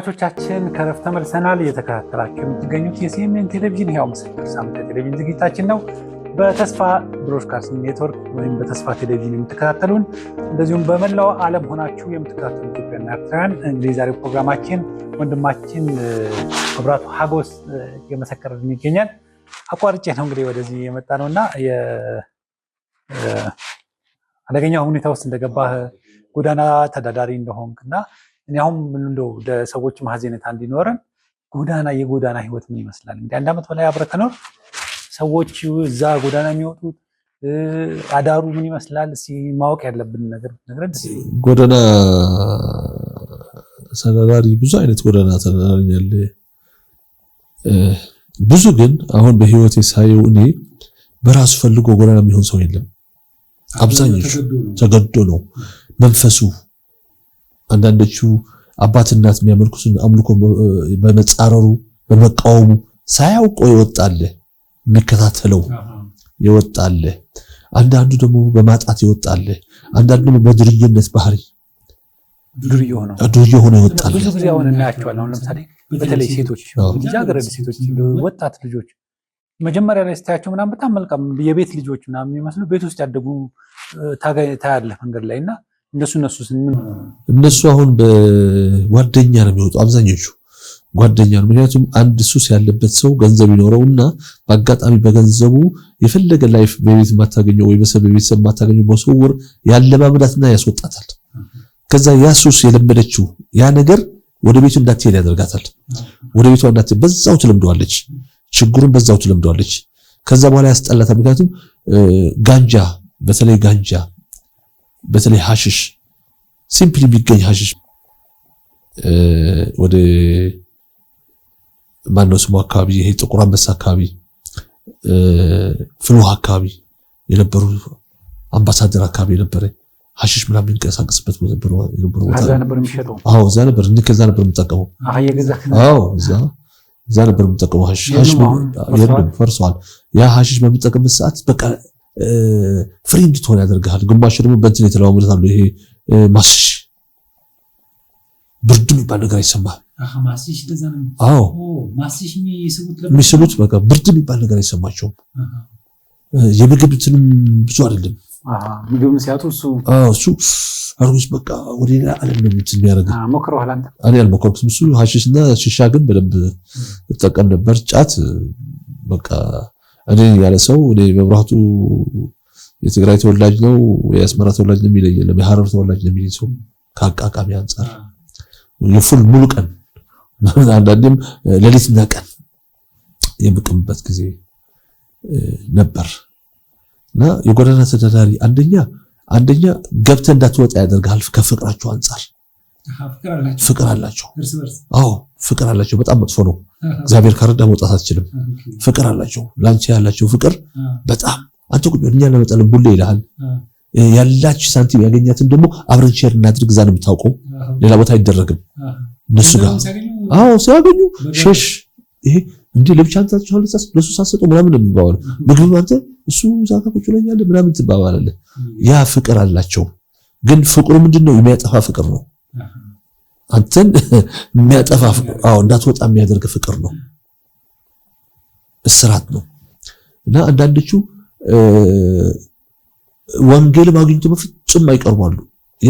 ተመልካቾቻችን ከረፍት ተመልሰናል። እየተከታተላችሁ የምትገኙት የሲኤምኤን ቴሌቪዥን ህያው ምስክር ሳምንት ቴሌቪዥን ዝግጅታችን ነው። በተስፋ ብሮድካስት ኔትወርክ ወይም በተስፋ ቴሌቪዥን የምትከታተሉን እንደዚሁም በመላው ዓለም ሆናችሁ የምትከታተሉ ኢትዮጵያና ኤርትራውያን እንግዲህ ዛሬ ፕሮግራማችን ወንድማችን መብራቱ ሀጎስ እየመሰከረልን ይገኛል። አቋርጬ ነው እንግዲህ ወደዚህ የመጣ ነው እና አደገኛ ሁኔታ ውስጥ እንደገባህ ጎዳና ተዳዳሪ እንደሆንክ እና እኔ አሁን እንደው ለሰዎች ማዘኔት እንዲኖረን ጎዳና የጎዳና ህይወት ምን ይመስላል? እንግዲህ አንድ ዓመት በላይ አብረ ከኖር ሰዎች እዛ ጎዳና የሚወጡት አዳሩ ምን ይመስላል ማወቅ ያለብን ነገር ነግረን። ጎዳና ተዳዳሪ ብዙ አይነት ጎዳና ተዳዳሪ ያለ ብዙ ግን አሁን በህይወቴ ሳየው እኔ በራሱ ፈልጎ ጎዳና የሚሆን ሰው የለም። አብዛኞቹ ተገዶ ነው መንፈሱ አንዳንዶቹ አባት እናት የሚያመልኩትን አምልኮ በመጻረሩ በመቃወሙ ሳያውቆ ይወጣል፣ የሚከታተለው ይወጣል። አንዳንዱ ደግሞ በማጣት ይወጣል። አንዳንዱ ደግሞ በድርጅነት ባህሪ ዱርዬ ሆነ ይወጣል። ብዙ ጊዜ አሁን እናያቸዋለን። አሁን ለምሳሌ በተለይ ሴቶች፣ ልጃገረድ ሴቶች፣ ወጣት ልጆች መጀመሪያ ላይ ስታያቸው ምናምን በጣም መልካም የቤት ልጆች ምናምን የሚመስሉ ቤት ውስጥ ያደጉ ታያለህ መንገድ ላይ እና እነሱ እነሱ እነሱ አሁን በጓደኛ ነው የሚወጡ አብዛኞቹ ጓደኛ ነው። ምክንያቱም አንድ ሱስ ያለበት ሰው ገንዘብ ይኖረውና በአጋጣሚ በገንዘቡ የፈለገ ላይፍ በቤት የማታገኘው ወይ በቤተሰብ የማታገኘው በስውር ያለማምዳትና ያስወጣታል። ከዛ ያ ሱስ የለመደችው ያ ነገር ወደ ቤቱ እንዳትሄድ ያደርጋታል። ወደ ቤቷ እንዳት በዛው ትለምደዋለች፣ ችግሩን በዛው ትለምደዋለች። ከዛ በኋላ ያስጠላታል። ምክንያቱም ጋንጃ፣ በተለይ ጋንጃ በተለይ ሀሽሽ ሲምፕሊ የሚገኝ ሀሽሽ ወደ ማነው ስሙ አካባቢ ይሄ ጥቁር አንበሳ አካባቢ ፍልውሃ አካባቢ የነበሩ አምባሳደር አካባቢ የነበረ ሀሽሽ ምናምን የሚንቀሳቀስበት ነበር እዛ ነበር እኔ ከዛ ነበር የምጠቀመው እዛ ነበር የምጠቀመው ሐሽሽ ፈርሷል ያ ሐሽሽ በምጠቀምበት ሰዓት በቃ ፍሪ እንድትሆን ያደርግሃል። ግማሹ ደግሞ በእንትን የተለዋወዱት አሉ። ይሄ ማስሽ ብርድ የሚባል ነገር አይሰማህ። አዎ የሚስቡት በቃ ብርድ የሚባል ነገር አይሰማቸውም። የምግብ እንትንም ብዙ አይደለም። ምግብ ሲያጡ እሱ አርጉስ በቃ ወደ ሌላ ዓለም ነው ምት የሚያደርግ እኔ አልሞከርኩትም። እሱ ሀሺሽ እና ሽሻ ግን በደንብ እጠቀም ነበር። ጫት በቃ እኔ ያለ ሰው እኔ መብራቱ የትግራይ ተወላጅ ነው የአስመራ ተወላጅ ነው የሚለኝ የለም። የሐረር ተወላጅ ነው የሚለኝ ሰው ከአቃቃሚ አንጻር የፉል ሙሉ ቀን አንዳንዴም ሌሊትና ቀን የምቅምበት ጊዜ ነበር እና የጎዳና ተዳዳሪ አንደኛ አንደኛ ገብተህ እንዳትወጣ ያደርጋል ከፍቅራቸው አንጻር ፍቅር አላቸው። አዎ ፍቅር አላቸው። በጣም መጥፎ ነው። እግዚአብሔር ከረዳ መውጣት አትችልም። ፍቅር አላቸው። ላንቺ ያላቸው ፍቅር በጣም አንተ ቁጭ እኛ ለመጣለን ቡሌ ይልሃል። ያላች ሳንቲም ያገኛትን ደግሞ አብረን ሼር እናድርግ። እዛ ነው የምታውቀው፣ ሌላ ቦታ አይደረግም። እነሱ ጋር አዎ ሲያገኙ ሸሽ ይሄ እንዲህ ለብቻ አንተ ለሱ ሳሰጠው ምናምን ነው ምግብ አንተ እሱ ዛካ ቁጭ ምናምን ትባባላለህ። ያ ፍቅር አላቸው። ግን ፍቅሩ ምንድነው? የሚያጠፋ ፍቅር ነው አንተን የሚያጠፋ እንዳትወጣ የሚያደርግ ፍቅር ነው፣ እስራት ነው። እና አንዳንዶቹ ወንጌል ማግኘቱ በፍጹም አይቀርባሉ።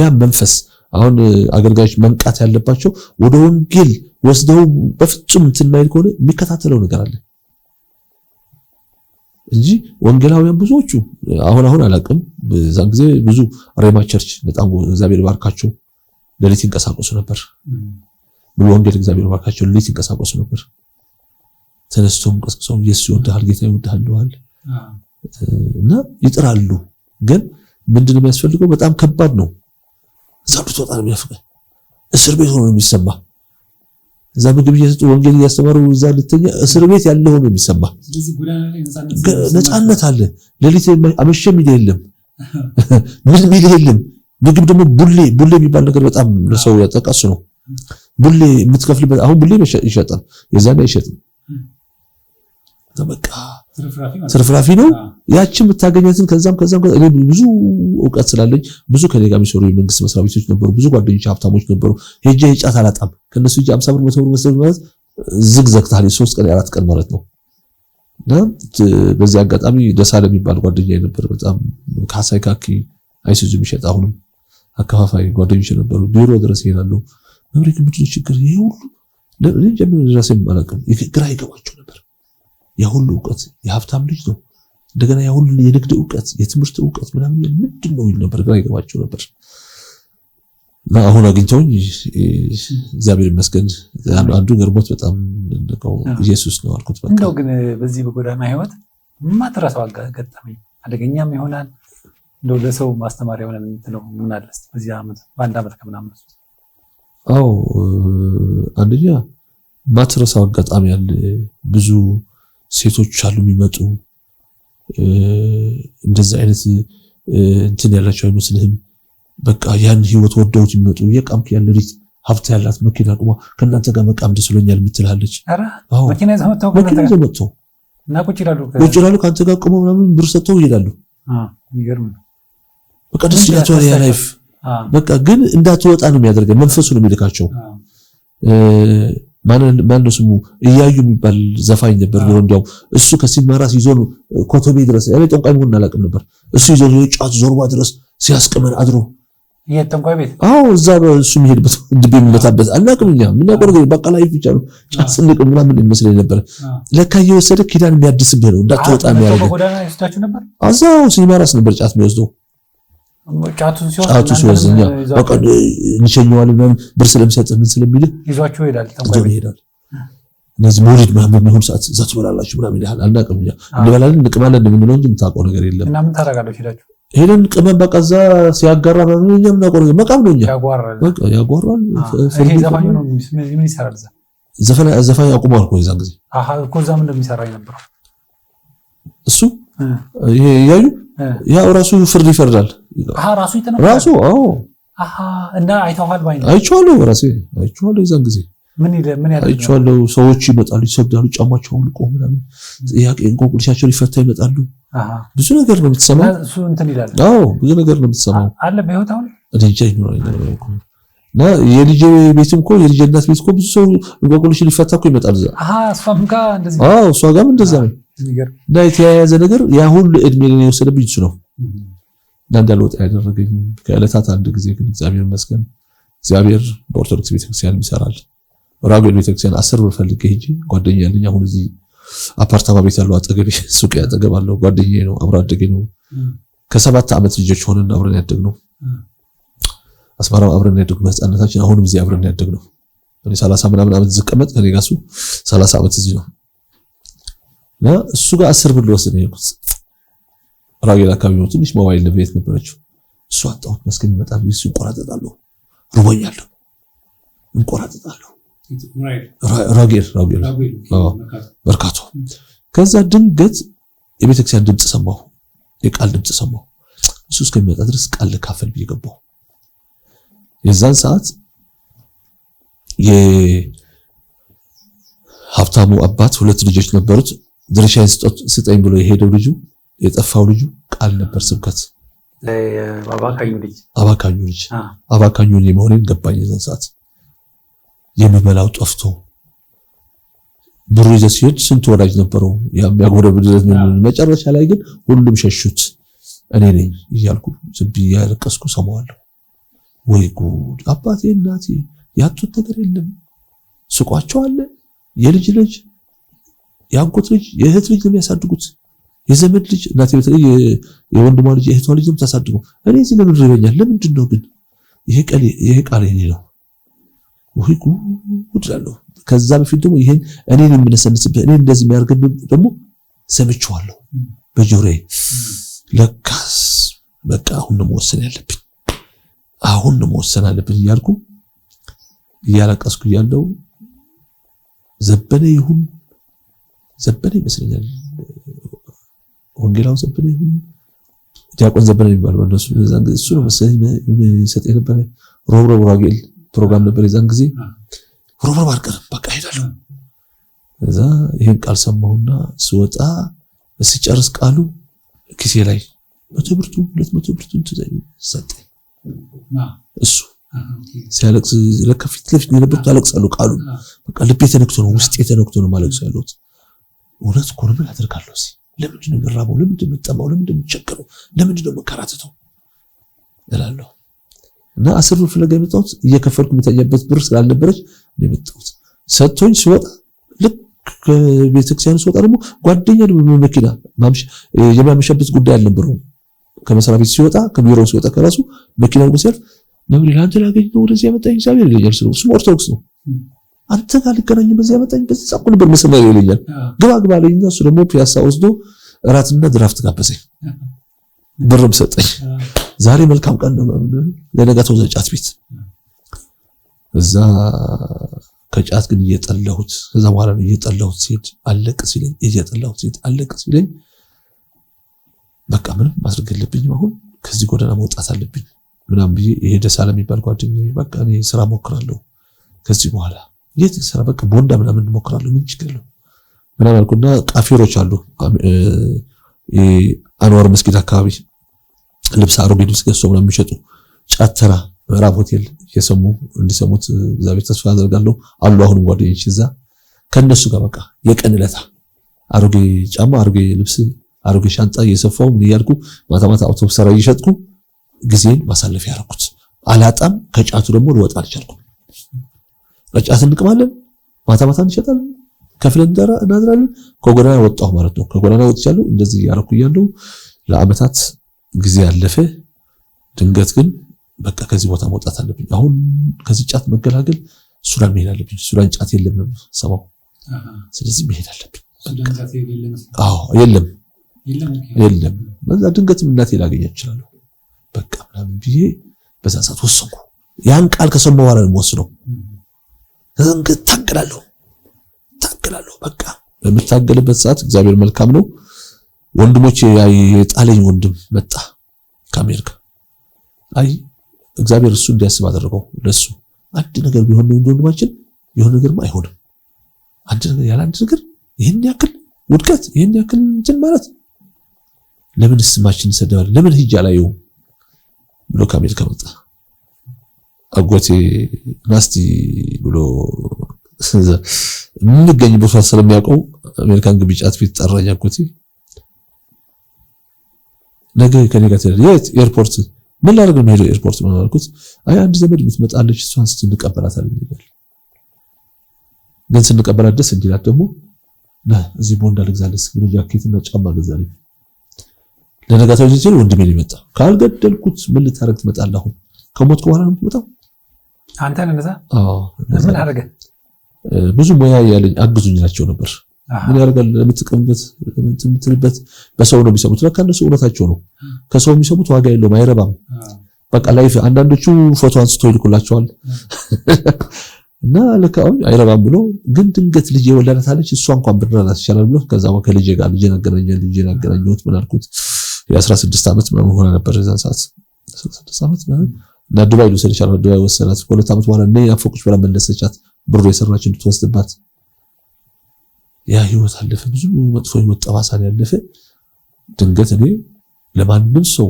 ያ መንፈስ አሁን አገልጋዮች መንቃት ያለባቸው ወደ ወንጌል ወስደው በፍጹም እንትን ማይል ከሆነ የሚከታተለው ነገር አለ እንጂ ወንጌላውያን ብዙዎቹ አሁን አሁን አላቅም። በዛን ጊዜ ብዙ ሬማ ቸርች በጣም እግዚአብሔር ባርካቸው ለሊት ይንቀሳቀሱ ነበር ብሎ ወንጌል እግዚአብሔር ባካቸው ለሊት ይንቀሳቀሱ ነበር። ተነስቶም ቀስቅሶም ኢየሱስ ይወድሃል፣ ጌታ ይወድሃል ብለዋል እና ይጥራሉ። ግን ምንድን ነው የሚያስፈልገው? በጣም ከባድ ነው። እዛ ብትወጣ ነው የሚያፍቀ እስር ቤት ሆኖ ነው የሚሰማ። እዛ ምግብ እየሰጡ ወንጌል እያስተማሩ እዛ ልተኛ እስር ቤት ያለ ሆኖ የሚሰማ። ነፃነት አለ። ሌሊት አመሸ የሚል የለም ምን የሚል የለም ምግብ ደግሞ ቡሌ ቡሌ የሚባል ነገር በጣም ለሰው ያጠቃሱ ነው። ቡሌ የምትከፍልበት አሁን ቡሌ ይሸጣል፣ የዛን አይሸጥም። በቃ ትርፍራፊ ነው ያቺ የምታገኛትን ከዛም ከዛም እኔ ብዙ እውቀት ስላለኝ ብዙ ከኔ ጋር የሚሰሩ የመንግስት መስሪያ ቤቶች ነበሩ፣ ብዙ ጓደኞች ሀብታሞች ነበሩ። ሄጄ ጫት አላጣም ከነሱ ሄጄ አምሳ ብር 100 ብር መስጠት ማለት ዝግ ዘግታል የሶስት ቀን የአራት ቀን ማለት ነው። በዚህ አጋጣሚ ደሳለ የሚባል ጓደኛ ነበር፣ በጣም ካሳይ ካኪ አይሱዙ የሚሸጥ አሁንም አከፋፋይ ጓደኞች ነበሩ፣ ቢሮ ድረስ ይሄዳሉ። መምሬ ክብድሎ ችግር ይሄ ሁሉ ለምን ጀምሮ ድረስ ይመለከም ግራ ይገባቸው ነበር። ያ ሁሉ እውቀት የሀብታም ልጅ ነው። እንደገና ያ ሁሉ የንግድ እውቀት፣ የትምህርት እውቀት ምናምን ምንድን ነው ይሉ ነበር፣ ግራ ይገባቸው ነበር። እና አሁን አግኝተውኝ እግዚአብሔር ይመስገን አንዱ ገርሞት በጣም እንደው ኢየሱስ ነው አልኩት። በቃ እንደው ግን በዚህ በጎዳና ህይወት ማትረሳው አጋጣሚ አደገኛም ይሆናል እንደው ለሰው ማስተማሪያ ሆነ የምትለው ምን አለ በዚህ ዓመት በአንድ ዓመት ከምናምን አዎ፣ አንደኛ ማትረሳው አጋጣሚ አለ። ብዙ ሴቶች አሉ የሚመጡ እንደዚህ አይነት እንትን ያላቸው አይመስልህም። በቃ ያን ህይወት ወደውት የሚመጡ እየቃምክ ያለ ሪት ሀብት ያላት መኪና ቁማ ከእናንተ ጋር መቃም ደስ ብሎኛል የምትላለች። መኪና ይዘው መጥተው ቁጭ ይላሉ። ከአንተ ጋር ቁመው ምናምን ብር ሰጥተው ይሄዳሉ። በቃ ደስ ይላቸዋል። ያ ላይፍ በቃ ግን እንዳትወጣ ነው የሚያደርገ መንፈሱ ነው የሚልካቸው። ማን ነው ስሙ እያዩ የሚባል ዘፋኝ ነበር። ነው እንዲያው እሱ ከሲማራስ ይዞ ኮቶቤ ድረስ ያለ ጠንቋይ መሆን አላውቅም ነበር። እሱ ይዞን ጫት ዞርባ ድረስ ሲያስቅመን አድሮ ቤት አዎ፣ እዛ እሱ የሚሄድበት ድብ የሚመታበት አናውቅም እኛ ብቻ ነው። ጫት ስንቅ ምናምን ይመስለኝ ነበር። ለካ እየወሰደ ኪዳን የሚያድስብህ ነው እንዳትወጣ የሚያደርገው። እዛው ሲማራስ ነበር ጫት የሚወስደው ጫቱ ሲወዝኛ እንሸኘዋል ብር ስለሚሰጥ ምን ስለሚልህ ይዟቸው ይሄዳል፣ ይሄዳል። እነዚህ መውሊድ ምናምን የሚሆን ሰዓት እዛ ትበላላችሁ ምናምን ይልሃል። አናውቅም እኛ እንበላለን እንቅማለን እንደምንለው እንጂ የምታውቀው ነገር የለም። ሄደን ቅመን በቃ እዛ ሲያጋራ ምናምን እኛ የምናውቀው ነገር መቃም ነው። እኛ ያጓራል። ዘፋኝ አቁሟል እኮ የዛን ጊዜ እሱ ይሄ እያዩ ያው ራሱ ፍርድ ይፈርዳል። ራሱ አይቼዋለሁ፣ ራሴ አይቼዋለሁ። የዛን ጊዜ አይቼዋለሁ። ሰዎች ይመጣሉ፣ ይሰብዳሉ፣ ጫማቸውን ልቆ ምናምን ጥያቄ እንቆቅልሻቸው ሊፈታ ይመጣሉ። ብዙ ነገር ነው የምትሰማው፣ ብዙ ነገር ነው የምትሰማው። የልጅ ቤትም እኮ እናት ቤት እኮ ብዙ ሰው እንቆቅልሽ ሊፈታ እኮ ይመጣል። እሷ ጋርም እንደዛ ነው። እና የተያያዘ ነገር ያ ሁሉ እድሜ የወሰደብኝ እሱ ነው። እንዳልወጣ ያደረገኝ ከዕለታት አንድ ጊዜ ግን እግዚአብሔር ይመስገን እግዚአብሔር በኦርቶዶክስ ቤተክርስቲያን ይሰራል። ራጉኤል ቤተክርስቲያን አስር ብር ፈልጌ ሂጂ ጓደኛ ያለኝ አሁን እዚህ አፓርታማ ቤት ያለው አጠገቤ ሱቅ ያጠገብ አለው ጓደኛ ነው፣ አብሮ አደጌ ነው። ከሰባት ዓመት ልጆች ሆነን አብረን ያደግ ነው። አስመራ አብረን ያደግነው በህፃንነታችን፣ አሁንም እዚህ አብረን ያደግ ነው። እኔ ሰላሳ ምናምን ዓመት ዝቀመጥ ከኔ ጋር እሱ ሰላሳ ዓመት እዚህ ነው እሱ ጋር አስር ብር ልወስድ ነው የሄድኩት ራጌል አካባቢ ነው ትንሽ ሞባይል ቤት ነበረችው። እሱ አጣሁት እስከሚመጣ ጊዜ እንቆራጠጣለሁ፣ ርቦኛለሁ፣ እንቆራጠጣለሁ። ራጌል ራጌል መርካቶ። ከዛ ድንገት የቤተክርስቲያን ድምፅ ሰማሁ፣ የቃል ድምፅ ሰማሁ። እሱ እስከሚመጣ ድረስ ቃል ልካፈል ብዬ ገባሁ። የዛን ሰዓት የሀብታሙ አባት ሁለት ልጆች ነበሩት። ድርሻዬን ስጠኝ ብሎ የሄደው ልጁ የጠፋው ልጁ ቃል ነበር ስብከት አባካኙ ልጅ አባካኙ ልጅ መሆኔን ገባኝ። የዛን ሰዓት የሚበላው ጠፍቶ ብሩ ይዘህ ሲሄድ ስንት ወዳጅ ነበረው ያጎረብድለት። መጨረሻ ላይ ግን ሁሉም ሸሹት። እኔ ነኝ እያልኩ ዝብ ብዬ ሰማዋለሁ። ወይ ጉድ! አባቴ እናቴ ያጡት ነገር የለም። ስቋቸው አለ። የልጅ ልጅ የአጎት ልጅ የእህት ልጅ ነው የሚያሳድጉት። የዘመድ ልጅ እናቴ በተለይ የወንድሟ ልጅ የእህቷ ልጅ ነው የምታሳድገው። እኔ እዚህ ለምን ይበኛል? ለምንድን ነው ግን ይሄ ቃል የኔ ነው ወይ ጉድ እላለሁ። ከዛ በፊት ደግሞ ይሄን እኔን የምነሰንስበት እኔ እንደዚህ የሚያደርግ ደግሞ ሰምቼዋለሁ በጆሮዬ። ለካስ በቃ አሁን ነው መወሰን ያለብኝ፣ አሁን ነው መወሰን አለብኝ እያልኩ እያለቀስኩ እያለው ዘበነ ይሁን ዘበነ ይመስለኛል ወንጌላው ዘበነ ይሁን ዲያቆን ዘበነ የሚባል ማለት ነው። የዛን ጊዜ እሱ ነው መሰለኝ የሚሰጥ የነበረ ሮብሮብ ራጌል ፕሮግራም ነበር። የዛን ጊዜ ሮብሮብ አልቀርም በቃ ሄዳለሁ። እዛ ይሄን ቃል ሰማሁና ስወጣ ስጨርስ ቃሉ ኪሴ ላይ መቶ ብርቱ ሁለት መቶ ብርቱ ሰጠኝ። እሱ ሲያለቅስ ለካ ፊት ለፊት የነበርኩት አለቅሳለሁ። ቃሉ በቃ ልቤ ተነክቶ ነው ውስጤ ተነክቶ ነው ማለቅሱ ያለሁት እውነት እኮ ነው ምን አደርጋለሁ ለምንድን ነው የምራበው? ለምንድን ነው የምጠማው? ለምንድን ነው የምቸገረው? ለምንድን ነው የምንከራተተው እላለሁ። እና አስር ብር ፍለጋ የመጣሁት እየከፈልኩ የምታያበት ብር ስላልነበረች ነው የመጣሁት። ሰጥቶኝ ሲወጣ ልክ ከቤተክርስቲያኑ ሲወጣ ደግሞ ጓደኛ መኪና የማመሻበት ጉዳይ አልነበረው። ከመስሪያ ቤት ሲወጣ ከቢሮው ሲወጣ ከራሱ መኪና አድርጎ ሲያልፍ መምሪ ለአንተ ላገኝ ነው ወደዚህ ያመጣኝ እግዚአብሔር ይለኛል። እሱም ኦርቶዶክስ ነው አንተ ጋር ልገናኝ በዚህ ያመጣኝ በዛ እኮ ነበር መሰለኝ ይለኛል። ግባ ግባ አለኝና እሱ ደግሞ ፒያሳ ወስዶ እራትና ድራፍት ጋበዘኝ፣ ብርም ሰጠኝ። ዛሬ መልካም ቀን ነው። ለነጋታው እዛ ጫት ቤት እዛ ከጫት ግን እየጠለሁት ከዛ በኋላ ነው እየጠለሁት ሲሄድ አለቅ ሲለኝ እየጠለሁት ሲሄድ አለቅ ሲለኝ በቃ ምንም ማድረግ የለብኝም አሁን ከዚህ ጎዳና መውጣት አለብኝ ምናምን ብዬ ይሄ ደስ የሚባል ጓደኛዬ በቃ እኔ ስራ ሞክራለሁ ከዚህ በኋላ እንዴት ይሰራ በቃ ቦንዳ ምናምን እንሞክራለን ምን ችግር የለውም ምናምን አልኩና ቃፊሮች አሉ አንዋር መስጊድ አካባቢ ልብስ አሮጌ ልብስ ገዝቶ ምናምን የሚሸጡ ጫተራ ምዕራብ ሆቴል እየሰሙ እንዲሰሙት እግዚአብሔር ተስፋ አደርጋለሁ አሉ አሁንም ጓደኞች እዛ ከእነሱ ጋር በቃ የቀን ዕለታ አሮጌ ጫማ አሮጌ ልብስ አሮጌ ሻንጣ እየሰፋው ምን እያልኩ ማታ ማታ አውቶቡስ ሰራ እየሸጥኩ ጊዜን ማሳለፍ ያደረኩት አላጣም። ከጫቱ ደግሞ ልወጣ አልቻልኩም። ጫት እንቅማለን፣ ማታ ማታ እንሸጣለን፣ ከፍለን እናድራለን። ከጎዳና ወጣሁ ማለት ነው። ከጎዳና ወጥቻለሁ። እንደዚህ እያደረኩ እያለሁ ለአመታት ጊዜ ያለፈ። ድንገት ግን በቃ ከዚህ ቦታ መውጣት አለብኝ። አሁን ከዚህ ጫት መገላገል ሱዳን መሄድ አለብኝ። ሱዳን ጫት የለም ነው ሰማው። ስለዚህ መሄድ አለብኝ። የለም የለም። በዛ ድንገትም እናቴ ላገኛ እችላለሁ። በቃ ምናምን ብዬ በዛ ሰዓት ወሰንኩ። ያን ቃል ከሰማሁ በኋላ ነው የምወስነው እን ታገላለሁ ታገላለሁ። በቃ በምታገልበት ሰዓት እግዚአብሔር መልካም ነው። ወንድሞች የጣለኝ ወንድም መጣ ከአሜሪካ። አይ እግዚአብሔር እሱ እንዲያስብ አደረገው። ለሱ አንድ ነገር ቢሆን ነው እንጂ ወንድማችን የሆነ ነገርማ አይሆንም። አንድ ነገር ያለ አንድ ነገር ይህን ያክል ውድቀት፣ ይህን ያክል እንትን ማለት ለምን ስማችን ሰደባል? ለምን ሂጅ አላየውም ብሎ ከአሜሪካ መጣ። አጎቴ ናስቲ ብሎ የምንገኝ ቦታ ስለሚያውቀው አሜሪካን ግቢ ጫት ቤት ጠራኝ። አጎቴ ነገ ከኔ ጋር ትሄዳለህ። የት ኤርፖርት? ምን ላደርግ ነው ሄደው ኤርፖርት ምናምን አልኩት። አይ አንድ ዘመድ የምትመጣለች እሷን እስኪ እንቀበላታለን ይላል። ግን ስንቀበላት ደስ እንዲላት ደግሞ እዚህ ቦንድ አልግዛለስ ብሎ ጃኬትና ጫማ ገዛለች። ለነጋታው ጊዜ ወንድሜ ሊመጣ ካልገደልኩት ምን ልታደርግ ትመጣለህ? አሁን ከሞትኩ በኋላ ነው የምትመጣው አንተን እንደዛ ምን አደረገ? ብዙ ሙያ ያለኝ አግዙኝ ናቸው ነበር። ምን ያደርጋል ለምትቀምበት ለምትልበት በሰው ነው የሚሰሙት። በቃ እነሱ እውነታቸው ነው። ከሰው የሚሰሙት ዋጋ የለውም፣ አይረባም። በቃ ላይፍ አንዳንዶቹ ፎቶ አንስቶ ይልኩላቸዋል እና ልክ አይረባም ብሎ ግን ድንገት ልጅ የወለዳታለች እሷ እንኳን ብንረዳት ይቻላል ብሎ ከዛ ከልጄ ጋር ልጄ ነገረኛ ልጄ ያገናኘሁት ምን አልኩት የ16 ዓመት ምናምን ሆነ ነበር የዛን ሰዓት ዱባይ ልውሰድ ይችላል። ዱባይ ወሰዳት። ከሁለት ዓመት በኋላ ነይ ናፈቁሽ ብላ መለሰቻት። ብሩ የሰራች እንድትወስድባት ያ ህይወት አለፈ። ብዙ መጥፎ ህይወት ጠባሳ ያለፈ። ድንገት እኔ ለማንም ሰው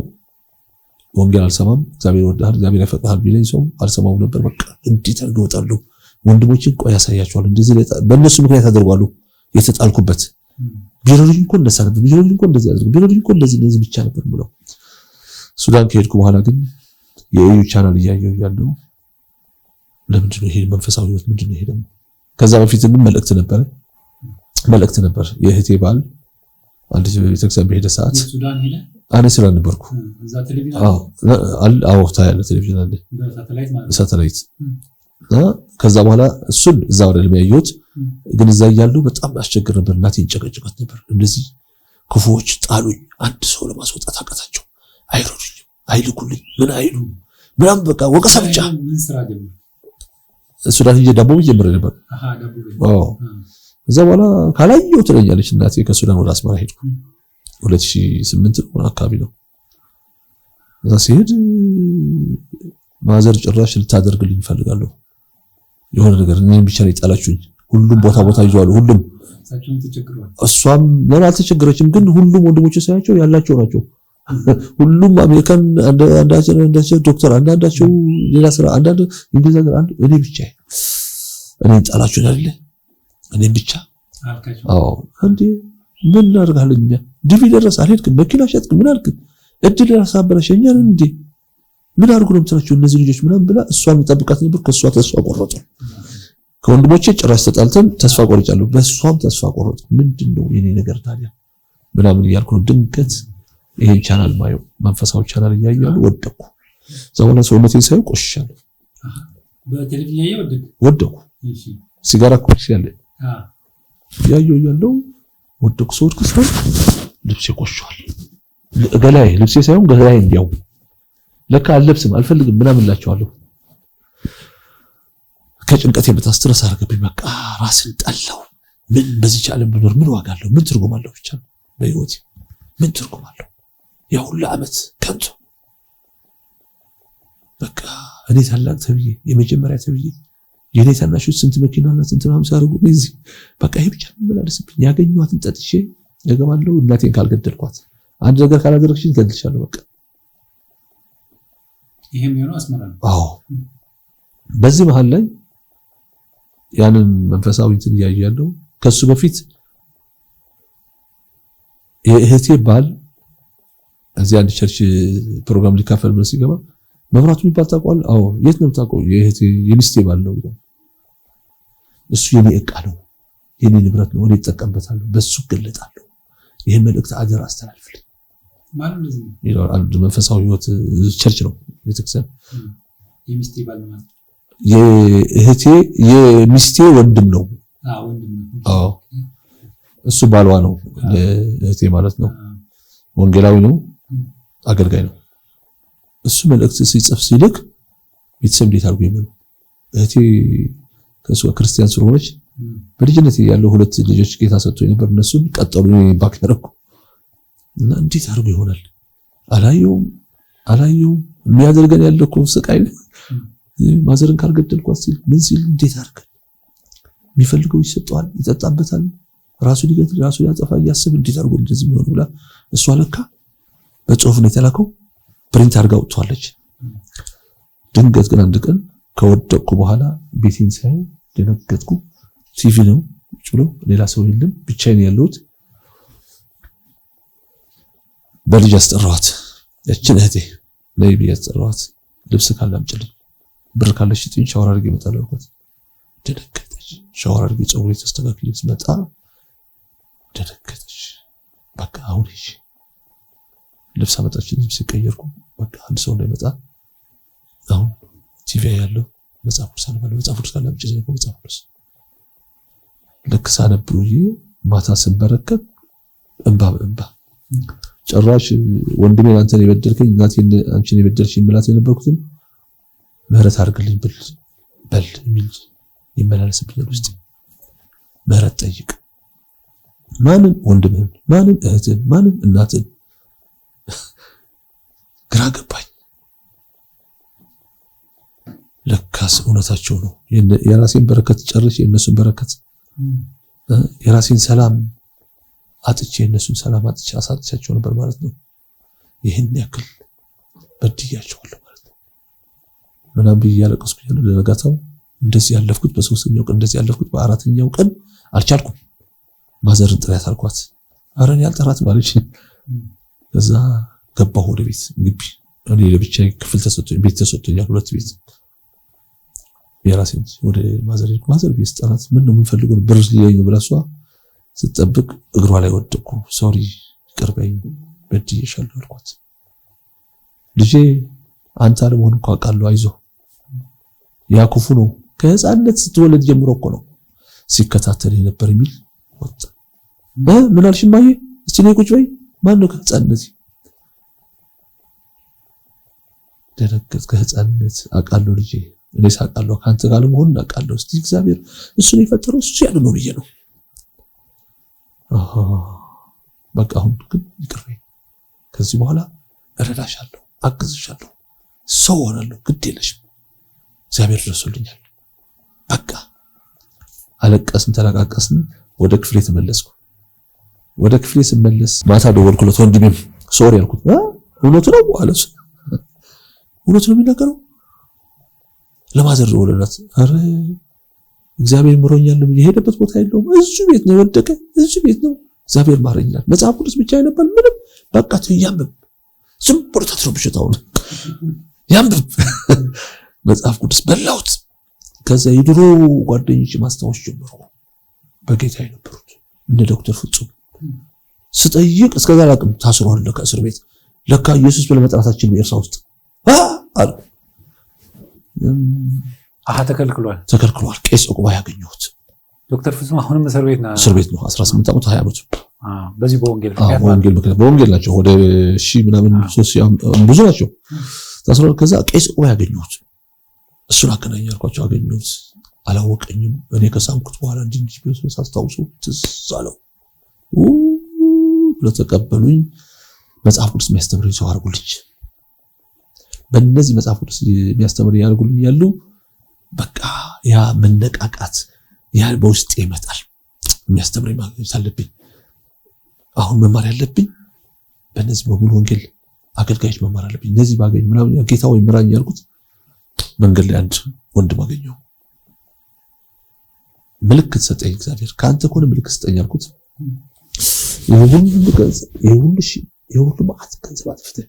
ወንጌል አልሰማም። እግዚአብሔር ወዳል፣ እግዚአብሔር ያፈቅሃል ቢለኝ ሰው አልሰማው ነበር። በቃ እንዴት አድርገው እወጣለሁ። ወንድሞችን ቆይ ያሳያቸዋል። እንደዚህ በእነሱ ምክንያት አደርጓሉ። የተጣልኩበት ቢሮልኝ እኮ እንደዛ ነበር፣ ቢሮልኝ እኮ እንደዚህ አደርግ፣ ቢሮልኝ እኮ እንደዚህ እንደዚህ ብቻ ነበር ብለው ሱዳን ከሄድኩ በኋላ ግን የዩ ቻናል እያየሁ እያለሁ ለምንድን ነው ይሄ መንፈሳዊ ህይወት ምንድን ነው ይሄ ደግሞ? ከዛ በፊት ምን መልእክት ነበር መልእክት ነበር። የእህቴ ባል አንድ ቤተክርስቲያን በሄደ ሰዓት እኔ ስላልነበርኩ አወፍታ ያለ ቴሌቪዥን አለ ሳተላይት። ከዛ በኋላ እሱን እዛ ወደ ያየሁት ግን እዛ እያሉ በጣም አስቸግር ነበር። እናቴ እንጨቀጭቃት ነበር። እንደዚህ ክፉዎች ጣሉኝ። አንድ ሰው ለማስወጣት አቃታቸው። አይረዱኝ አይልኩልኝ ምን አይሉ ምናምን በቃ ወቀሳ ብቻ። ሱዳን ሂጄ ዳቦ ጀምሬ ነበር። እዛ በኋላ ካላየው ትለኛለች እናቴ። ከሱዳን ወደ አስመራ ሄድኩ ሁለት ሺህ ስምንት አካባቢ ነው። እዛ ሲሄድ ማዘር ጭራሽ ልታደርግልኝ ፈልጋለሁ የሆነ ነገር እኔን ብቻ ነው የጣላችሁኝ። ሁሉም ቦታ ቦታ ይዘዋሉ። ሁሉም እሷም ለምን አልተቸገረችም? ግን ሁሉም ወንድሞች ሳያቸው ያላቸው ናቸው ሁሉም አሜሪካን አንዳቸው አንዳቸው ዶክተር አንዳንዳቸው ሌላ ስራ አንዳንድ እንግሊዝ ሀገር አንዱ እኔ ብቻ እኔን አይደለ? እኔን ብቻ አዎ። እንዴ ምን እናደርጋለን እኛ ደረስ አልሄድክም፣ መኪና ሸጥክ፣ ምን አልክ? እድል ደረስ እንዴ ምን አድርጉ ነው የምትላቸው እነዚህ ልጆች ምናምን ብላ እሷን የምጠብቃት ነበር። ከእሷ ተስፋ ቆረጡ። ከወንድሞቼ ጭራሽ ተጣልተን ተስፋ ቆርጫለሁ፣ በእሷም ተስፋ ቆረጡ። ምንድን ነው የኔ ነገር ታዲያ ምናምን እያልኩ ነው ድንገት ይሄን ቻናል ማየው መንፈሳዊ ቻናል እያያሉ ወደኩ። ዛውላ ሰውነቴን ሳይው ቆሽሻለሁ፣ ወደኩ። ሲጋራ ኮሽ ያለ ያለው ወደኩ። ሰው ወድኩ ልብሴ ቆሽሿል። ገላይ ልብሴ ሳይሆን ገላይ እንዲያው ለካ አልለብስም አልፈልግም ምናምን እላቸዋለሁ። ከጭንቀት የመጣ ስትረስ አርገብኝ በቃ ራስን ጠላው። ምን በዚህ ዓለም ብኖር ምን ዋጋ አለው? ምን ትርጉም አለው? ብቻ በህይወቴ ምን ትርጉም አለው? ያ ሁሉ ዓመት ከንቱ። በቃ እኔ ታላቅ ተብዬ የመጀመሪያ ተብዬ የኔ ታናሾች ስንት መኪናና ስንት ምናምን ሲያደርጉ እዚህ በቃ ይሄ ብቻ መላለስብኝ። ያገኘኋትን ጠጥቼ እገባለሁ። እናቴን ካልገደልኳት አንድ ነገር ካላደረግሽኝ እገልሻለሁ። በቃ ይሄም የሆነው አስመራ ነው። አዎ በዚህ መሀል ላይ ያንን መንፈሳዊ እንትን እያየ ያለው ከሱ በፊት የእህቴ ባል እዚህ አንድ ቸርች ፕሮግራም ሊካፈል ብሎ ሲገባ መብራቱ የሚባል ታውቀዋለህ? አዎ። የት ነው የምታውቀው? የሚስቴ ባል ነው። እሱ የኔ እቃ ነው፣ የኔ ንብረት ነው፣ እኔ እጠቀምበታለሁ፣ በሱ እገለጣለሁ። ይህን መልእክት አደራ አስተላልፍልኝ ይለዋል። አንድ መንፈሳዊ ህይወት ቸርች ነው ቤተክርስቲያን። እህቴ የሚስቴ ወንድም ነው። አዎ፣ እሱ ባሏ ነው፣ እህቴ ማለት ነው። ወንጌላዊ ነው። አገልጋይ ነው። እሱ መልእክት ሲጽፍ ሲልክ ቤተሰብ እንዴት አድርጎ ይመኑ። እህቴ ከእሱ ክርስቲያን ስለሆነች በልጅነት ያለው ሁለት ልጆች ጌታ ሰጥቶ ነበር። እነሱን ቀጠሉ ባክ ያደረኩ እና እንዴት አድርጎ ይሆናል? አላየውም አላየውም የሚያደርገን ያለ እኮ ስቃይ ማዘርን ካልገደልኳት ሲል ምን ሲል እንዴት አድርገን የሚፈልገው ይሰጠዋል፣ ይጠጣበታል፣ ራሱ ይገድል፣ ራሱ ያጠፋ እያስብ እንዴት አድርጎ እንደዚህ የሚሆን ብላ እሷ ለካ በጽሁፍ ነው የተላከው። ፕሪንት አድርጋ አውጥቷለች። ድንገት ግን አንድ ቀን ከወደቅኩ በኋላ ቤቴን ሳይ ደነገጥኩ። ቲቪ ነው ጭሎ፣ ሌላ ሰው የለም፣ ብቻዬን ያለሁት። በልጅ አስጠራኋት፣ ያችን እህቴ ላይ ብዬ አስጠራኋት። ልብስ ካለ አምጪልኝ፣ ብር ካለሽ ስጪኝ፣ ሻወር አድርጌ እመጣለሁ አልኳት። ደነገጠች። ሻወር አድርጌ ፀጉሬ ተስተካክዬ ስመጣ ደነገጠች። በቃ አሁን ልብስ አመጣችን ሲቀየርኩ በቃ አንድ ሰው እንዳይመጣ አሁን ቲቪ ያለው መጽሐፍ ቅዱስ አነባለሁ። መጽሐፍ ቅዱስ ካለ ብቻ ነው መጽሐፍ ቅዱስ ልክ ሳነብሩ ውዬ ማታ ስንበረከብ እንባ በእንባ ጭራሽ ወንድሜን አንተን የበደልከኝ እናቴን አንቺን የበደልሽኝ ምላት የነበርኩትን ምህረት አድርግልኝ ብል በል የሚል ይመላለስብኛል ውስጥ ምህረት ጠይቅ ማንም ወንድምህን፣ ማንም እህትን፣ ማንም እናትን ግራ ገባኝ። ለካስ እውነታቸው ነው። የራሴን በረከት ጨርሼ የእነሱን በረከት፣ የራሴን ሰላም አጥቼ የእነሱን ሰላም አጥቼ አሳጥቻቸው ነበር ማለት ነው። ይህን ያክል በድያቸዋለሁ ማለት ነው። ምናምን ብዬ እያለቀስኩ ያለው ለነጋታው እንደዚህ ያለፍኩት በሶስተኛው ቀን እንደዚህ ያለፍኩት በአራተኛው ቀን አልቻልኩም። ማዘርን ጥሪያት አልኳት። አረን ያልጠራት ማለች ከዛ ገባሁ ወደ ቤት ግቢ። እኔ ለብቻ ክፍል ተሰጥቶኝ ቤት ተሰጥቶኛል፣ ሁለት ቤት የራሴ ወደ ማዘር ማዘር ቤት ስጠራት ምን ነው የምንፈልገው ብር ሊለኝ ብላ እሷ ስትጠብቅ እግሯ ላይ ወደቅኩ። ሶሪ ቅርበኝ በይኝ በድዬሻለሁ አልኳት። ልጄ አንተ አለመሆን እንኳ ቃሉ አይዞህ ያ ክፉ ነው ከህፃነት ስትወለድ ጀምሮ እኮ ነው ሲከታተል ነበር የሚል ወጣ። ምን አልሽማዬ? እስቲ ነይ ቁጭ በይ። ማን ነው ከህፃንነት ደነገጥ ከህፃንነት አውቃለሁ ልጄ እኔ ሳውቃለሁ ከአንተ ጋር ለመሆን አውቃለሁ። እስቲ እግዚአብሔር እሱን የፈጠረው እሱ ያለ ነው ብዬ ነው። በቃ አሁን ግን ይቅር ከዚህ በኋላ እረዳሻለሁ፣ አግዝሻለሁ፣ ሰው ሆናለሁ፣ ግድ የለሽም። እግዚአብሔር ድረሱልኛል በቃ አለቀስን፣ ተለቃቀስን። ወደ ክፍሌ ተመለስኩ። ወደ ክፍሌ ስመለስ ማታ ደወልኩለት ወንድሜም ሶሪ አልኩት እውነቱ ነው አለሱ እውነት ነው የሚናገረው። ለማዘር ደወለላት። አረ እግዚአብሔር ምሮኛል ብዬ የሄደበት ቦታ የለውም። እዚሁ ቤት ነው የወደቀ፣ እዚሁ ቤት ነው። እግዚአብሔር ማረኝ መጽሐፍ ቅዱስ ብቻ ይነባል። ምንም በቃ ትያምም ዝም ብሎ ተትሮ ብሽታውን ያምብብ መጽሐፍ ቅዱስ በላውት ከዛ የድሮ ጓደኞች ማስታወስ ጀምሮ በጌታ የነበሩት እነ ዶክተር ፍጹም ስጠይቅ እስከዛ ላቅም ታስሯል። ለካ እስር ቤት ለካ ኢየሱስ መጥራታችን በኤርትራ ውስጥ አሉ። ተከልክሏል ተከልክሏል። ቄስ ዕቁባ ያገኘሁት ዶክተር ፍጹም አሁንም እስር ቤት ነው። እስር ቤት ነው። 18 ዓመት 20 ዓመት በዚህ በወንጌል ምክንያት በወንጌል ናቸው። ወደ ሺህ ምናምን ብዙ ናቸው። ከዛ ቄስ ዕቁባ ያገኘሁት እሱን አገናኝ ያልኳቸው አገኘሁት። አላወቀኝም። እኔ ከሳምኩት በኋላ እንዲህ እንዲህ ብሎ ሳስታውሱ ትዝ አለው ብሎ ተቀበሉኝ። መጽሐፍ ቅዱስ የሚያስተምረኝ ሰው አድርጉልኝ በእነዚህ መጽሐፍ ቅዱስ የሚያስተምር ያደርጉልኝ ያሉ በቃ ያ መነቃቃት ያ በውስጤ ይመጣል። የሚያስተምር ማግኘት አለብኝ። አሁን መማር ያለብኝ በእነዚህ በሙሉ ወንጌል አገልጋዮች መማር አለብኝ። እነዚህ ባገኝ ምናምን ጌታ ወይ ምራኝ ያልኩት መንገድ ላይ አንድ ወንድም አገኘው። ምልክት ሰጠኝ እግዚአብሔር ከአንተ ከሆነ ምልክት ሰጠኝ አልኩት። ይህ ሁሉ ገንዘብ ይህ ሁሉ ይህ ሁሉ ገንዘብ አጥፍተህ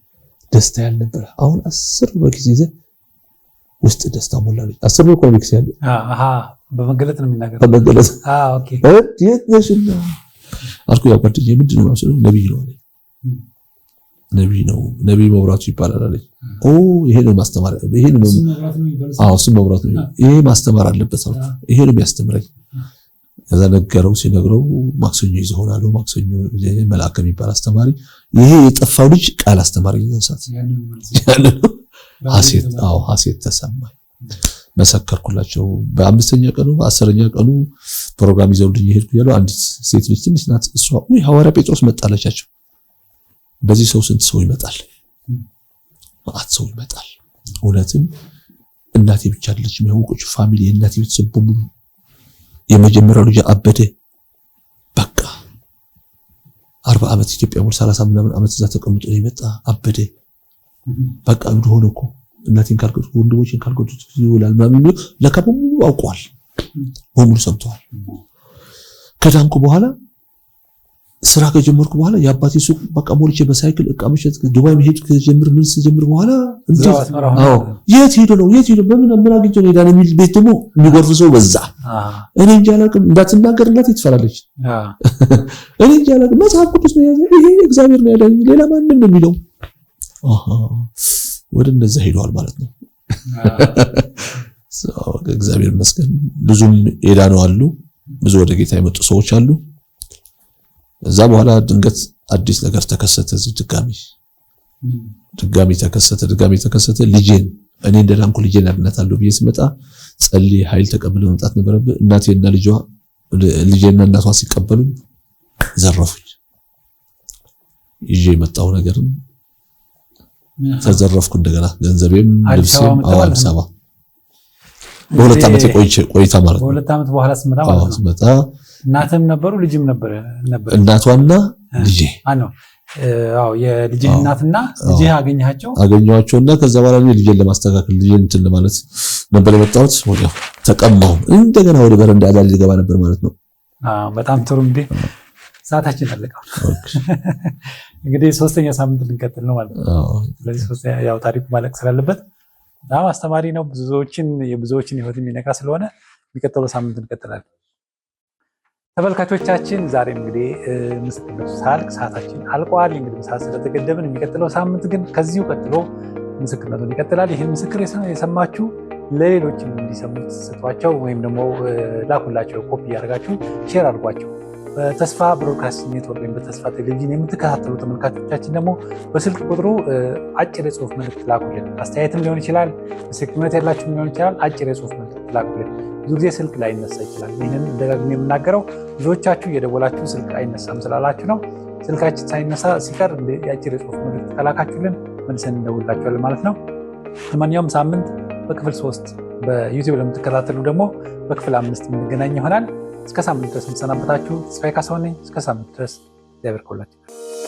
ደስታ ያልነበረ አሁን አስር ብር ጊዜ ይዘህ ውስጥ ደስታ ሞላለች። አስር ብር ቢክስ ያለ በመገለጥ ነው የሚናገረው። በመገለጥ ኦኬ። የት ነሽና አልኩ። ያው ጓደኛዬ ምንድን ነው ስለው ነቢይ ነው አለኝ። ነቢይ ነው ነቢይ መብራቱ ይባላል አለኝ። ይሄ ነው ማስተማር፣ ይሄ ነው እሱ መብራቱ ነው። ይሄ ማስተማር አለበት አልኩ። ይሄ ነው የሚያስተምረኝ ከዛ ነገረው። ሲነግረው ማክሰኞ ይዘሆን አለው። ማክሰኞ መልአክ የሚባል አስተማሪ፣ ይሄ የጠፋው ልጅ ቃል አስተማሪ ይዘንሳት ሐሴት አዎ ተሰማኝ። መሰከርኩላቸው። በአምስተኛ ቀኑ በአስረኛ ቀኑ ፕሮግራም ይዘውልኝ ሄድኩ ያለው አንድ ሴት ልጅ ትንሽ ናት። እሷ ወይ ሐዋርያ ጴጥሮስ መጣለቻቸው። በዚህ ሰው ስንት ሰው ይመጣል? ማአት ሰው ይመጣል። እውነትም እናቴ ብቻ ልጅ የሚያውቁች ፋሚሊ የእናቴ ቤተሰብ በሙሉ የመጀመሪያው ልጅ አበደ። በቃ አርባ ዓመት ኢትዮጵያ ሙሉ ሰላሳ ምናምን ዓመት እዛ ተቀምጦ የመጣ አበደ። በቃ እብድ ሆነ እኮ እናቴን ካልገድኩ ወንድሞችን ካልገድኩ ይውላል ምናምን ለካ በሙሉ አውቀዋል፣ በሙሉ ሰምተዋል። ከዳንኩ በኋላ ስራ ከጀመርኩ በኋላ የአባቴ ሱቅ በቃ ሞልቼ በሳይክል እቃ መሸጥ ዱባይ መሄድ ከጀምር ምን ስጀምር በኋላ የት ሄዶ ነው የት ሄዶ በምን ምን አግኝቶ ነው ሄዳን የሚል ቤት ደግሞ የሚጎርፍ ሰው በዛ። እኔ እንጂ አላውቅም፣ እንዳትናገር እናቴ ትፈላለች። እኔ እንጂ አላውቅም፣ መጽሐፍ ቅዱስ ነው የያዘ ይሄ እግዚአብሔር ነው ያለኝ፣ ሌላ ማንም ነው የሚለው። ወደ እንደዛ ሄደዋል ማለት ነው። እግዚአብሔር ይመስገን ብዙም ሄዳ ነው አሉ፣ ብዙ ወደ ጌታ የመጡ ሰዎች አሉ። ከዛ በኋላ ድንገት አዲስ ነገር ተከሰተ። እዚህ ድጋሚ ድጋሚ ተከሰተ፣ ድጋሚ ተከሰተ። ልጄን እኔ እንደዳንኩ ልጄን አድናታለሁ ብዬ ስመጣ ጸልይ ኃይል ተቀብለ መምጣት ነበረብህ። እናቴና ልጄና እናቷ ሲቀበሉ ዘረፉኝ። ይዤ የመጣው ነገርም ተዘረፍኩ። እንደገና ገንዘቤም ልብስም አዲስ አበባ በሁለት ዓመት ቆይታ ማለት ነው። በሁለት ዓመት በኋላ ስመጣ እናትም ነበሩ ልጅም ነበር ነበር። እናቷና ልጅ አዎ፣ አዎ የልጅ እናትና ልጅ አገኘሃቸው? እና ከዛ በኋላ ልጅን ለማስተካከል ልጅን እንትን ለማለት ነበር የመጣሁት። ወዲያው ተቀማሁ። እንደገና ወደ በረንዳ አዳሪ ልገባ ነበር ማለት ነው። አዎ፣ በጣም ጥሩ እንዴ። ሰዓታችን አለቀ። እንግዲህ ሶስተኛ ሳምንት ልንቀጥል ነው ማለት ነው። ስለዚህ ሶስተኛ ያው ታሪኩ ማለቅ ስላለበት በጣም አስተማሪ ነው። ብዙዎችን የብዙዎችን ህይወት የሚነካ ስለሆነ የሚቀጥለው ሳምንት እንቀጥላለን። ተመልካቾቻችን ዛሬ እንግዲህ ምስክርነቱ ሳልቅ ሰዓታችን አልቋል። እንግዲህ ምሳ ስለተገደብን የሚቀጥለው ሳምንት ግን ከዚሁ ቀጥሎ ምስክርነቱን ይቀጥላል። ይህን ምስክር የሰማችሁ ለሌሎች እንዲሰሙት ስጧቸው፣ ወይም ደግሞ ላኩላቸው፣ ኮፒ ያደርጋችሁ ሼር አድርጓቸው። በተስፋ ብሮድካስት ኔትወርክ ወይም በተስፋ ቴሌቪዥን የምትከታተሉ ተመልካቾቻችን ደግሞ በስልክ ቁጥሩ አጭር የጽሁፍ መልዕክት ላኩልን። አስተያየትም ሊሆን ይችላል፣ ምስክርነት ያላችሁም ሊሆን ይችላል። አጭር የጽሁፍ መልዕክት ላኩልን። ብዙ ጊዜ ስልክ ላይነሳ ይችላል። ይህንን ደጋግሜ የምናገረው ብዙዎቻችሁ እየደወላችሁ ስልክ አይነሳም ስላላችሁ ነው። ስልካችን ሳይነሳ ሲቀር የአጭር ጽሑፍ መልዕክት ከላካችሁልን መልሰን እንደውላችኋለን ማለት ነው። ለማንኛውም ሳምንት በክፍል ሶስት በዩቲዩብ ለምትከታተሉ ደግሞ በክፍል አምስት የምንገናኝ ይሆናል። እስከ ሳምንት ድረስ የምሰናበታችሁ ተስፋዬ ካሳሁን ነኝ። እስከ ሳምንት ድረስ እግዚአብሔር ይባርካችሁ።